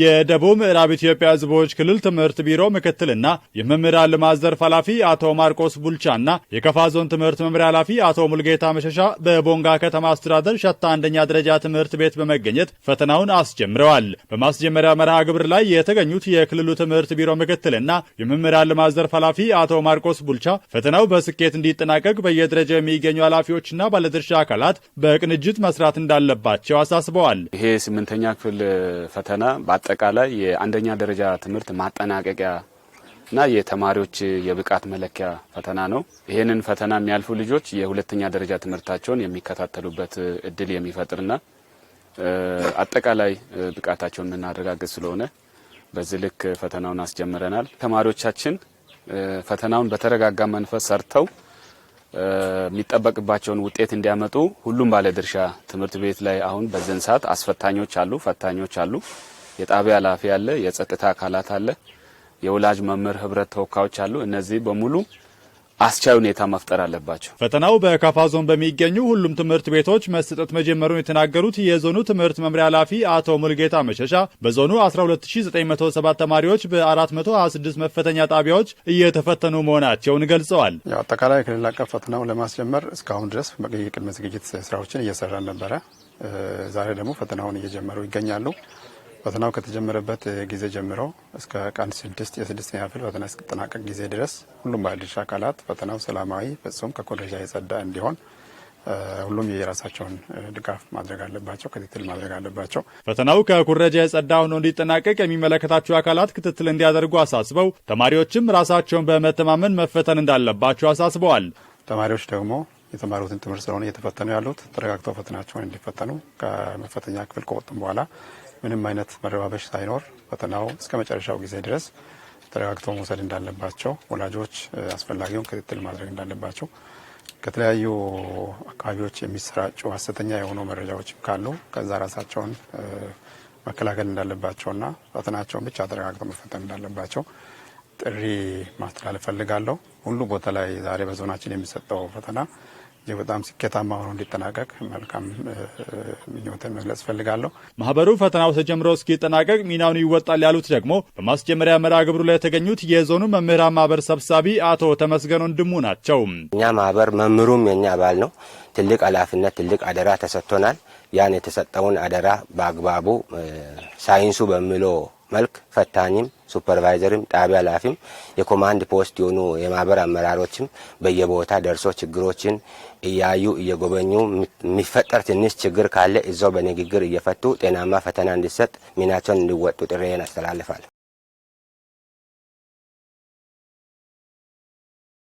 የደቡብ ምዕራብ ኢትዮጵያ ሕዝቦች ክልል ትምህርት ቢሮ ምክትልና የመምህራን ልማት ዘርፍ ኃላፊ አቶ ማርቆስ ቡልቻና የከፋ ዞን ትምህርት መምሪያ ኃላፊ አቶ ሙልጌታ መሸሻ በቦንጋ ከተማ አስተዳደር ሸታ አንደኛ ደረጃ ትምህርት ቤት በመገኘት ፈተናውን አስጀምረዋል። በማስጀመሪያ መርሃ ግብር ላይ የተገኙት የክልሉ ትምህርት ቢሮ ምክትልና የመምህራን ልማት ዘርፍ ኃላፊ አቶ ማርቆስ ቡልቻ ፈተናው በስኬት እንዲጠናቀቅ በየደረጃው የሚገኙ ኃላፊዎችና ባለድርሻ አካላት በቅንጅት መስራት እንዳለባቸው አሳስበዋል። ይሄ ስምንተኛ ክፍል ፈተና አጠቃላይ የአንደኛ ደረጃ ትምህርት ማጠናቀቂያ እና የተማሪዎች የብቃት መለኪያ ፈተና ነው። ይህንን ፈተና የሚያልፉ ልጆች የሁለተኛ ደረጃ ትምህርታቸውን የሚከታተሉበት እድል የሚፈጥርና አጠቃላይ ብቃታቸውን የምናረጋግጥ ስለሆነ በዚህ ልክ ፈተናውን አስጀምረናል። ተማሪዎቻችን ፈተናውን በተረጋጋ መንፈስ ሰርተው የሚጠበቅባቸውን ውጤት እንዲያመጡ ሁሉም ባለድርሻ ትምህርት ቤት ላይ አሁን በዚህን ሰዓት አስፈታኞች አሉ፣ ፈታኞች አሉ። የጣቢያ ኃላፊ አለ፣ የጸጥታ አካላት አለ፣ የወላጅ መምህር ህብረት ተወካዮች አሉ። እነዚህ በሙሉ አስቻይ ሁኔታ መፍጠር አለባቸው። ፈተናው በካፋ ዞን በሚገኙ ሁሉም ትምህርት ቤቶች መሰጠት መጀመሩን የተናገሩት የዞኑ ትምህርት መምሪያ ኃላፊ አቶ ሙልጌታ መሸሻ በዞኑ 12907 ተማሪዎች በ426 መፈተኛ ጣቢያዎች እየተፈተኑ መሆናቸውን ገልጸዋል። አጠቃላይ ክልል አቀፍ ፈተናው ለማስጀመር እስካሁን ድረስ የቅድመ ዝግጅት ስራዎችን እየሰራን ነበረ። ዛሬ ደግሞ ፈተናውን እየጀመሩ ይገኛሉ። ፈተናው ከተጀመረበት ጊዜ ጀምሮ እስከ ቀን ስድስት የስድስተኛ ክፍል ፈተና እስኪጠናቀቅ ጊዜ ድረስ ሁሉም ባለድርሻ አካላት ፈተናው ሰላማዊ ፍጹም ከኮረጃ የጸዳ እንዲሆን ሁሉም የራሳቸውን ድጋፍ ማድረግ አለባቸው፣ ክትትል ማድረግ አለባቸው። ፈተናው ከኩረጃ የጸዳ ሆኖ እንዲጠናቀቅ የሚመለከታቸው አካላት ክትትል እንዲያደርጉ አሳስበው ተማሪዎችም ራሳቸውን በመተማመን መፈተን እንዳለባቸው አሳስበዋል። ተማሪዎች ደግሞ የተማሩትን ትምህርት ስለሆነ እየተፈተኑ ያሉት ተረጋግተው ፈተናቸውን እንዲፈተኑ ከመፈተኛ ክፍል ከወጡም በኋላ ምንም አይነት መረባበሽ ሳይኖር ፈተናው እስከ መጨረሻው ጊዜ ድረስ ተረጋግቶ መውሰድ እንዳለባቸው ወላጆች አስፈላጊውን ክትትል ማድረግ እንዳለባቸው ከተለያዩ አካባቢዎች የሚሰራጩ ሀሰተኛ የሆኑ መረጃዎችም ካሉ ከዛ ራሳቸውን መከላከል እንዳለባቸውና ፈተናቸውን ብቻ ተረጋግቶ መፈተን እንዳለባቸው ጥሪ ማስተላለፍ ፈልጋለሁ። ሁሉ ቦታ ላይ ዛሬ በዞናችን የሚሰጠው ፈተና እጅግ በጣም ስኬታማ ሆኖ እንዲጠናቀቅ መልካም ምኞትን መግለጽ ፈልጋለሁ። ማህበሩ ፈተናው ተጀምሮ እስኪጠናቀቅ ሚናውን ይወጣል ያሉት ደግሞ በማስጀመሪያ መርሃ ግብሩ ላይ የተገኙት የዞኑ መምህራን ማህበር ሰብሳቢ አቶ ተመስገን ወንድሙ ናቸው። እኛ ማህበር መምህሩም የኛ አባል ነው። ትልቅ ኃላፊነት ትልቅ አደራ ተሰጥቶናል። ያን የተሰጠውን አደራ በአግባቡ ሳይንሱ በሚለው መልክ ፈታኝም ሱፐርቫይዘርም ጣቢያ ላፊም የኮማንድ ፖስት የሆኑ የማህበር አመራሮችም በየቦታ ደርሶ ችግሮችን እያዩ እየጎበኙ የሚፈጠር ትንሽ ችግር ካለ እዛው በንግግር እየፈቱ ጤናማ ፈተና እንዲሰጥ ሚናቸውን እንዲወጡ ጥሬን አስተላልፋል።